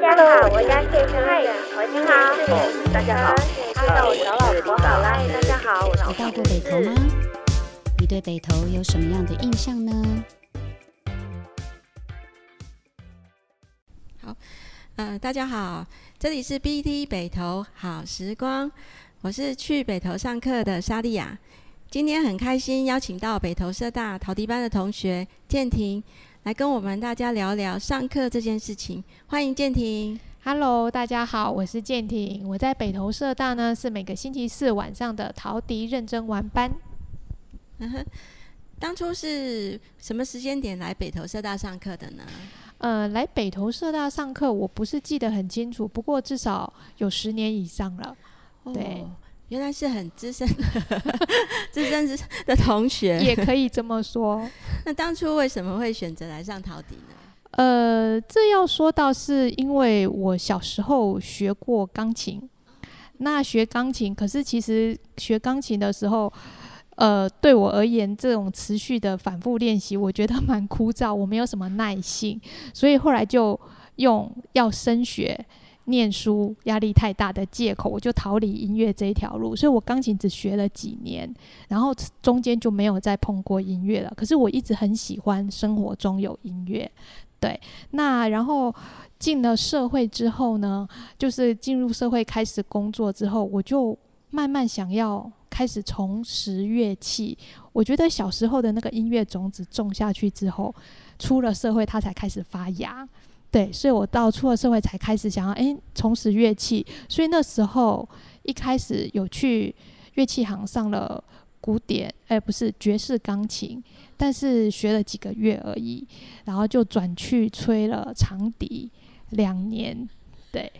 大家好，我叫謝生。嗨，你好，好，好，好，好，好，大家好，歡迎到我小老婆好啦。大家好，你到過北投嗎？你對北投有什麼樣的印象呢？好，嗯、呃，大家好，這裡是 BT 北投好時光，我是去北投上課的莎莉亞，今天很開心邀請到北投社大陶笛班的同學建庭。來跟我們大家聊聊上課這件事情，歡迎建庭。Hello，大家好，我是建庭，我在北投社大呢是每個星期四晚上的陶笛認真玩班、嗯。當初是什麼時間點來北投社大上課的呢？呃，來北投社大上課，我不是記得很清楚，不過至少有十年以上了，對。哦原來是很資深、資 深、資深的同學。 也可以這麼說 那當初為什麼會選擇來上陶笛呢？呃，這要說到是因為我小時候學過鋼琴，那學鋼琴，可是其實學鋼琴的時候，呃，對我而言，這種持續的反復練習，我覺得蠻枯燥，我沒有什麼耐性，所以後來就用要升學。念書壓力太大的借口，我就逃離音樂這一條路，所以我鋼琴只學了幾年，然後中間就沒有再碰過音樂了。可是我一直很喜歡生活中有音樂，對。那然後進了社會之後呢，就是進入社會開始工作之後，我就慢慢想要開始重拾樂器。我覺得小時候的那個音樂種子種下去之後，出了社會它才開始發芽。對，所以我到出了社會才開始想要哎，重拾樂器。所以那時候一開始有去樂器行上了古典，哎，不是爵士鋼琴，但是學了幾個月而已，然後就轉去吹了長笛兩年。對，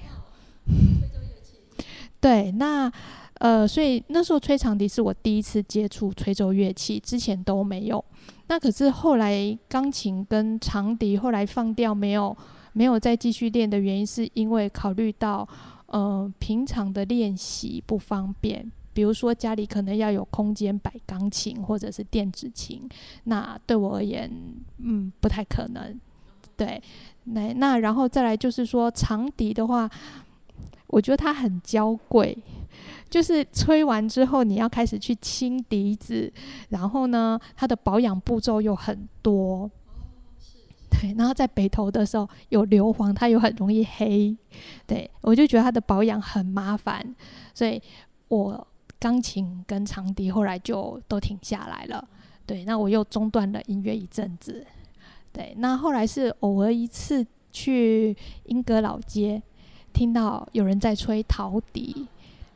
對，那呃，所以那時候吹長笛是我第一次接觸吹奏樂器，之前都沒有。那可是後來鋼琴跟長笛後來放掉沒有。沒有再繼續練的原因，是因為考慮到，嗯、呃，平常的練習不方便。比如說家裡可能要有空間擺鋼琴或者是電子琴，那對我而言，嗯，不太可能。對，那那然後再來就是說長笛的話，我覺得它很嬌貴，就是吹完之後你要開始去清笛子，然後呢，它的保養步驟又很多。對，然後在北投的時候有硫磺，它又很容易黑，對，我就覺得它的保養很麻煩，所以我鋼琴跟長笛後來就都停下來了。對，那我又中斷了音樂一陣子。對，那後來是偶爾一次去鶯歌老街，聽到有人在吹陶笛，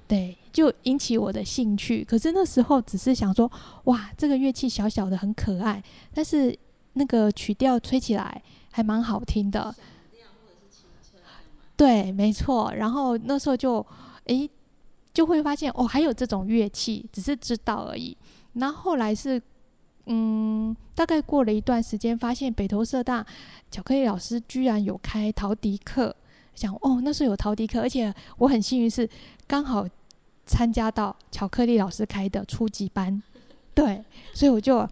對，就引起我的興趣。可是那時候只是想說，哇，這個樂器小小的很可愛，但是。那個曲調吹起來還蠻好聽的，對，沒錯。然後那時候就，誒，就會發現哦，還有這種樂器，只是知道而已。然後後來是，嗯，大概過了一段時間，發現北投社大巧克力老師居然有開陶笛課，想哦，那時候有陶笛課，而且我很幸運是剛好參加到巧克力老師開的初級班，對，所以我就。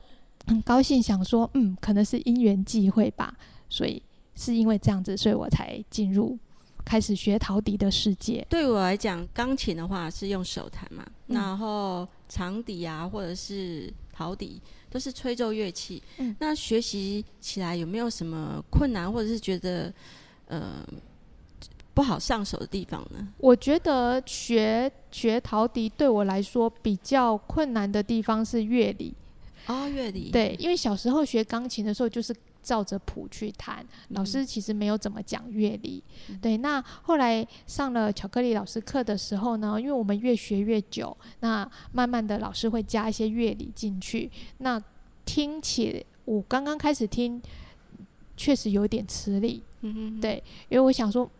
很高興，想說，嗯，可能是因緣際會吧，所以是因為這樣子，所以我才進入開始學陶笛的世界。對我來講，鋼琴的話是用手彈嘛、嗯，然後長笛啊，或者是陶笛都是吹奏樂器、嗯。那學習起來有沒有什麼困難，或者是覺得嗯、呃、不好上手的地方呢？我覺得學學陶笛對我來說比較困難的地方是樂理。哦，樂理對，因為小時候學鋼琴的時候，就是照着譜去彈，嗯，老師其實沒有怎麼講樂理，嗯。對，那後來上了巧克力老師課的時候呢，因為我們越學越久，那慢慢的老師會加一些樂理進去。那聽起我剛剛開始聽，確實有點吃力。嗯嗯，對，因為我想說。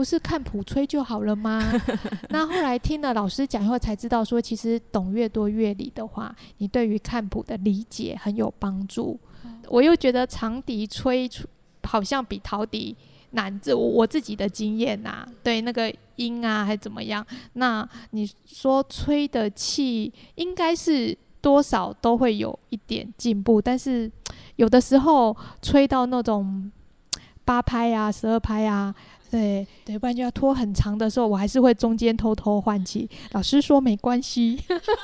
不是看譜吹就好了嗎？ 那後來聽了老師講以後，才知道說，其實懂越多樂理的話，你對於看譜的理解很有幫助。嗯、我又覺得長笛吹出好像比陶笛難，這我，我自己的經驗啊，對那個音啊還怎麼樣？那你說吹的氣應該是多少都會有一點進步，但是有的時候吹到那種八拍啊、十二拍啊。對對，不然就要拖很長的時候，我還是會中間偷偷換氣。老師說沒關係，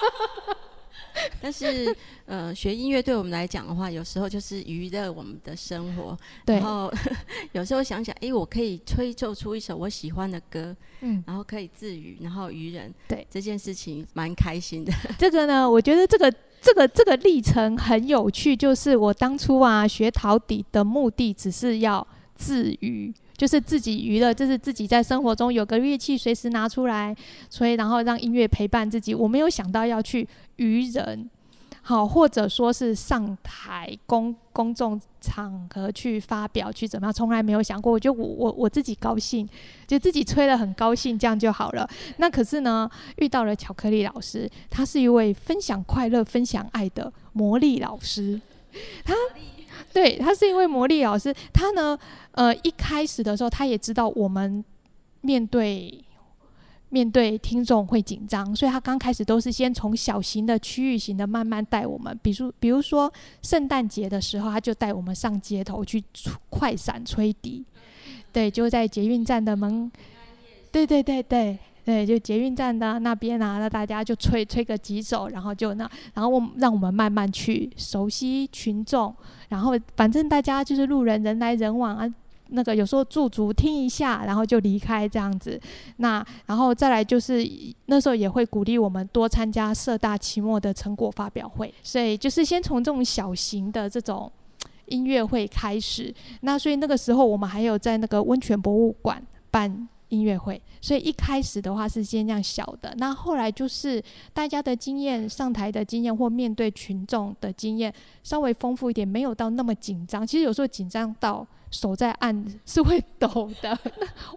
但是呃，學音樂對我們來講的話，有時候就是娛樂我們的生活。對，然後 有時候想想，哎、欸，我可以吹奏出一首我喜歡的歌，嗯，然後可以自娛，然後娛人。對，這件事情蠻開心的。這個呢，我覺得這個這個這個歷程很有趣，就是我當初啊學陶笛的目的，只是要自娛。就是自己娛樂，就是自己在生活中有個樂器，隨時拿出來吹，然後讓音樂陪伴自己。我沒有想到要去娛人，好，或者說是上台公公眾場合去發表去怎麼樣，從來沒有想過。我就我我我自己高興，就自己吹得很高興，這樣就好了。那可是呢，遇到了巧克力老師，他是一位分享快樂、分享愛的魔力老師，他。對，他是一位魔力老師，他呢，呃，一開始的時候，他也知道我們面對面對聽眾會緊張，所以他剛開始都是先從小型的區域型的慢慢帶我們，比如比如說聖誕節的時候，他就帶我們上街頭去快閃吹笛、嗯，對，就在捷運站的門、嗯嗯嗯，對對對、嗯嗯嗯、對。對對對對對，就捷運站的那邊啊，那大家就吹吹個幾首，然後就那，然後我讓我們慢慢去熟悉群眾，然後反正大家就是路人，人來人往啊，那個有時候駐足聽一下，然後就離開這樣子。那然後再來就是那時候也會鼓勵我們多參加社大期末的成果發表會，所以就是先從這種小型的這種音樂會開始。那所以那個時候我們還有在那個溫泉博物館辦。音樂會，所以一開始的話是先這樣小的，那後來就是大家的經驗、上台的經驗或面對群眾的經驗稍微豐富一點，沒有到那麼緊張。其實有時候緊張到手在按是會抖的。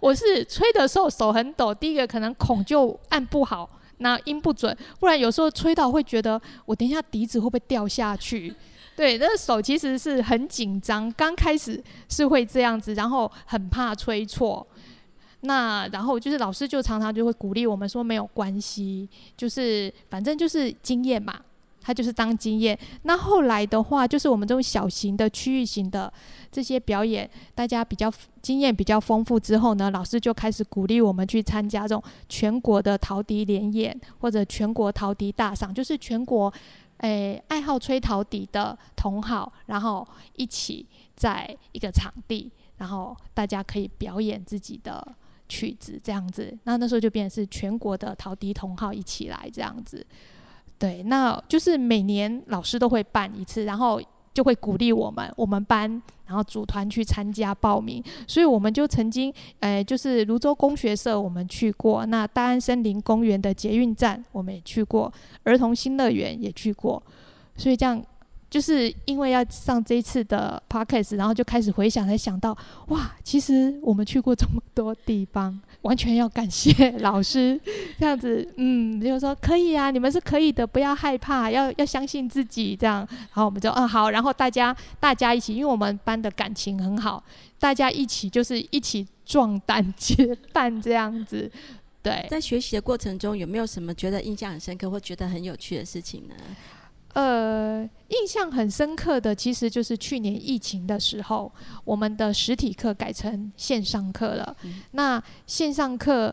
我是吹的時候手很抖，第一個可能孔就按不好，那音不準。不然有時候吹到會覺得，我等一下笛子會不會掉下去？對，那個手其實是很緊張，剛開始是會這樣子，然後很怕吹錯。那然後就是老師就常常就會鼓勵我們說沒有關係，就是反正就是經驗嘛，他就是當經驗。那後來的話，就是我們這種小型的區域型的這些表演，大家比較經驗比較豐富之後呢，老師就開始鼓勵我們去參加這種全國的陶笛聯演，或者全國陶笛大賞，就是全國誒、欸、愛好吹陶笛的同好，然後一起在一個場地，然後大家可以表演自己的。曲子這樣子，那那時候就變成是全國的陶笛同好，一起來這樣子，對，那就是每年老師都會辦一次，然後就會鼓勵我們，我們班然後組團去參加報名，所以我們就曾經，誒、呃，就是蘆洲功學社我們去過，那大安森林公園的捷運站我們也去過，兒童新樂園也去過，所以這樣。就是因為要上這一次的 Podcast，然後就開始回想，才想到哇，其實我們去過這麼多地方，完全要感謝老師這樣子。嗯，就是說可以啊，你們是可以的，不要害怕，要要相信自己這樣。然後我們就嗯好，然後大家大家一起，因為我們班的感情很好，大家一起就是一起壯膽結伴這樣子。對，在學習的過程中有沒有什麼覺得印象很深刻或覺得很有趣的事情呢？呃，印象很深刻的，其實就是去年疫情的時候，我們的實體課改成線上課了。嗯、那線上課。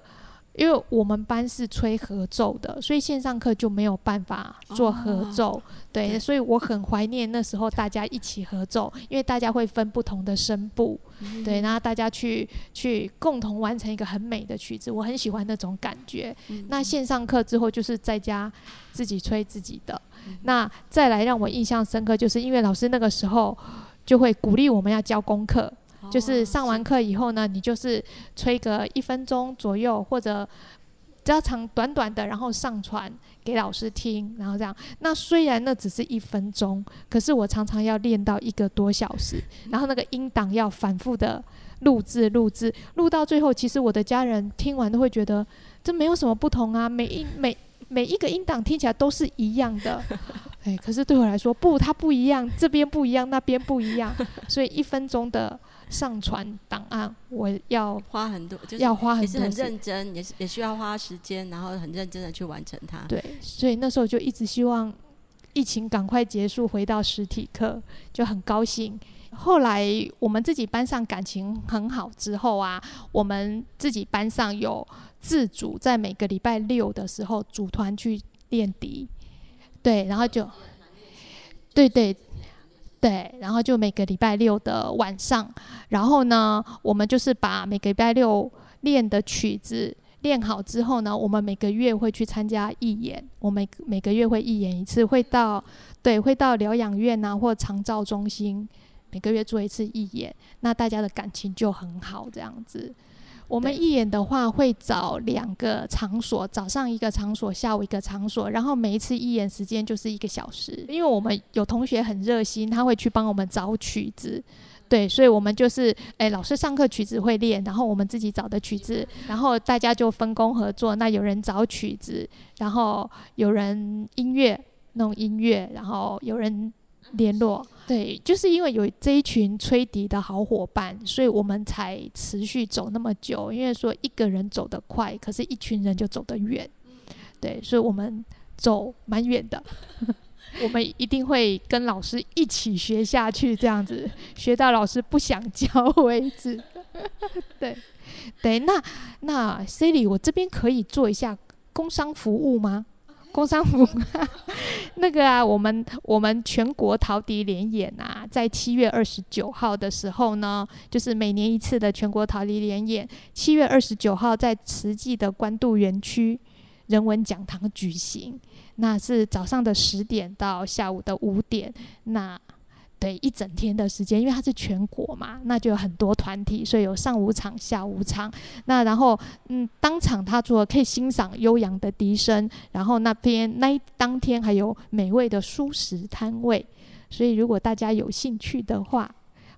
因為我們班是吹合奏的，所以線上課就沒有辦法做合奏，oh, 對。對，所以我很懷念那時候大家一起合奏，因為大家會分不同的聲部，mm -hmm. 對，然後大家去去共同完成一個很美的曲子。我很喜歡那種感覺。Mm -hmm. 那線上課之後就是在家自己吹自己的。Mm -hmm. 那再來讓我印象深刻，就是因為老師那個時候就會鼓勵我們要交功課。就是上完課以後呢，你就是吹個一分鐘左右，或者只要長短短的，然後上傳給老師聽，然後這樣。那雖然那只是一分鐘，可是我常常要練到一個多小時，嗯、然後那個音檔要反覆的錄製、錄製、錄到最後，其實我的家人聽完都會覺得這沒有什麼不同啊，每一每。每一個音檔聽起來都是一樣的， 欸、可是對我來說不，它不一樣，這邊不一樣，那邊不一樣， 所以一分鐘的上傳檔案我，我、就是、要花很多，要花很很認真，也是也需要花時間，然後很認真的去完成它。對，所以那時候就一直希望疫情趕快結束，回到實體課，就很高興。後來我們自己班上感情很好之後啊，我們自己班上有自主，在每個禮拜六的時候組團去練笛，對，然後就，對對對，然後就每個禮拜六的晚上，然後呢，我們就是把每個禮拜六練的曲子練好之後呢，我們每個月會去參加義演，我們每個月會義演一次，會到對，會到療養院啊，或長照中心。每個月做一次義演，那大家的感情就很好。這樣子，我們義演的話會找兩個場所，早上一個場所，下午一個場所，然後每一次義演時間就是一個小時。因為我們有同學很熱心，他會去幫我們找曲子，對，所以我們就是，哎、欸，老師上課曲子會練，然後我們自己找的曲子，然後大家就分工合作。那有人找曲子，然後有人音樂弄音樂，然後有人聯絡。對，就是因為有這一群吹笛的好夥伴，所以我們才持續走那麼久。因為說一個人走得快，可是一群人就走得遠。對，所以我們走蠻遠的。 我們一定會跟老師一起學下去，這樣子學到老師不想教為止。對，對，那那 Sally，我這邊可以做一下工商服務嗎？工商服 那個啊，我們我們全國陶笛聯演啊，在七月二十九號的時候呢，就是每年一次的全國陶笛聯演，七月二十九號在慈濟的關渡園區人文講堂舉行，那是早上的十點到下午的五點，那。對，一整天的時間，因為它是全國嘛，那就有很多團體，所以有上午場、下午場。那然後，嗯，當場他做可以欣賞悠揚的笛聲，然後那邊那當天還有美味的蔬食攤位。所以，如果大家有興趣的話，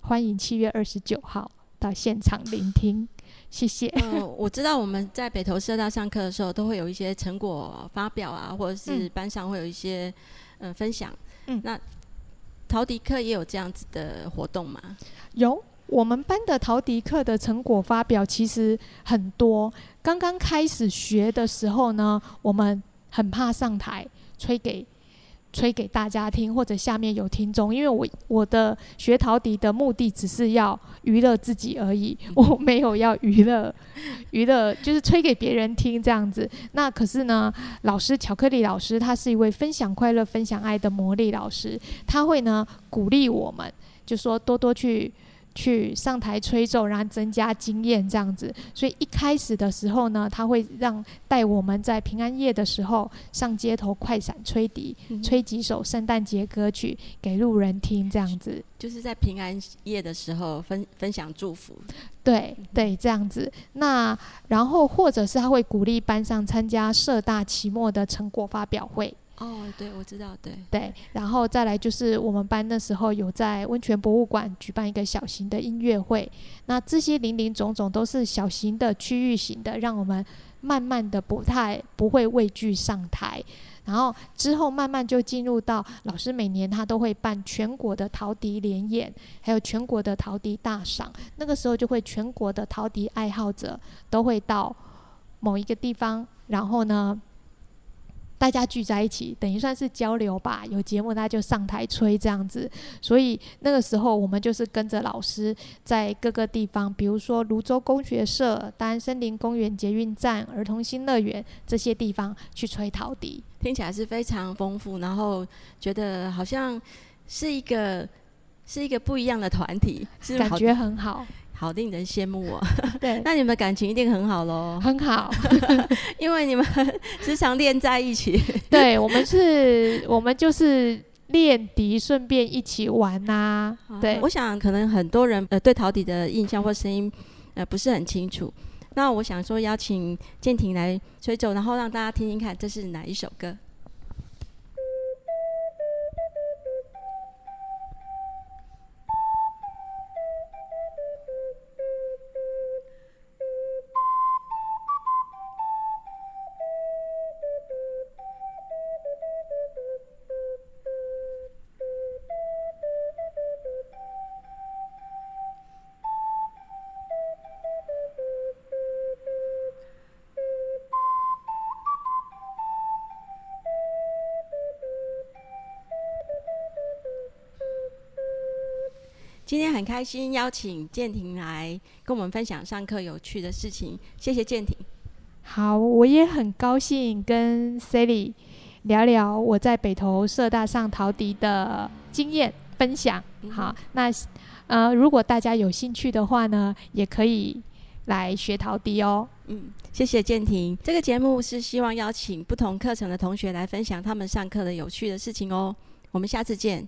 歡迎七月二十九號到現場聆聽。 謝謝、呃。我知道我們在北投社大上課的時候，都會有一些成果、啊、發表啊，或者是班上會有一些嗯、呃、分享。嗯，那。陶笛課也有這樣子的活動嗎？有，我們班的陶笛課的成果發表其實很多。剛剛開始學的時候呢，我們很怕上台吹給。吹給大家聽，或者下面有聽眾。因為我我的學陶笛的目的只是要娛樂自己而已，我沒有要娛樂、嗯、娛樂，就是吹給別人聽這樣子。那可是呢，老師巧克力老師，他是一位分享快樂、分享愛的魔力老師，他會呢鼓勵我們，就說多多去。去上臺吹奏，然後增加經驗這樣子。所以一開始的時候呢，他會讓帶我們在平安夜的時候上街頭快閃吹笛、嗯，吹幾首聖誕節歌曲給路人聽這樣子。就是在平安夜的時候分分享祝福，對對這樣子。那然後或者是他會鼓勵班上參加社大期末的成果發表會。哦、oh，對，我知道，對對，然後再來就是我們班那時候有在溫泉博物館舉辦一個小型的音樂會，那這些林林總總都是小型的區域型的，讓我們慢慢的不太不會畏懼上台，然後之後慢慢就進入到老師每年他都會辦全國的陶笛聯演，還有全國的陶笛大賞，那個時候就會全國的陶笛愛好者都會到某一個地方，然後呢。大家聚在一起，等於算是交流吧。有節目，大家就上台吹這樣子。所以那個時候，我們就是跟着老師，在各個地方，比如說瀘州工學社、丹森林公園、捷運站、兒童新樂園這些地方去吹陶笛。聽起來是非常豐富，然後覺得好像是一個是一個不一樣的團體是，感覺很好。好令人羨慕哦， 對，那你們的感情一定很好嘍。很好， 因為你們時常練在一起。 對，我們是，我們就是練笛，順便一起玩吶、啊啊。對，我想可能很多人呃對陶笛的印象或聲音呃不是很清楚，那我想說邀請建廷來吹奏，然後讓大家聽聽看這是哪一首歌。今天很開心邀請建庭來跟我們分享上課有趣的事情，謝謝建庭。好，我也很高興跟 Sally 聊聊我在北投社大上陶笛的經驗分享，嗯。好，那呃，如果大家有興趣的話呢，也可以來學陶笛哦。嗯，謝謝建庭。這個節目是希望邀請不同課程的同學來分享他們上課的有趣的事情哦。我們下次見。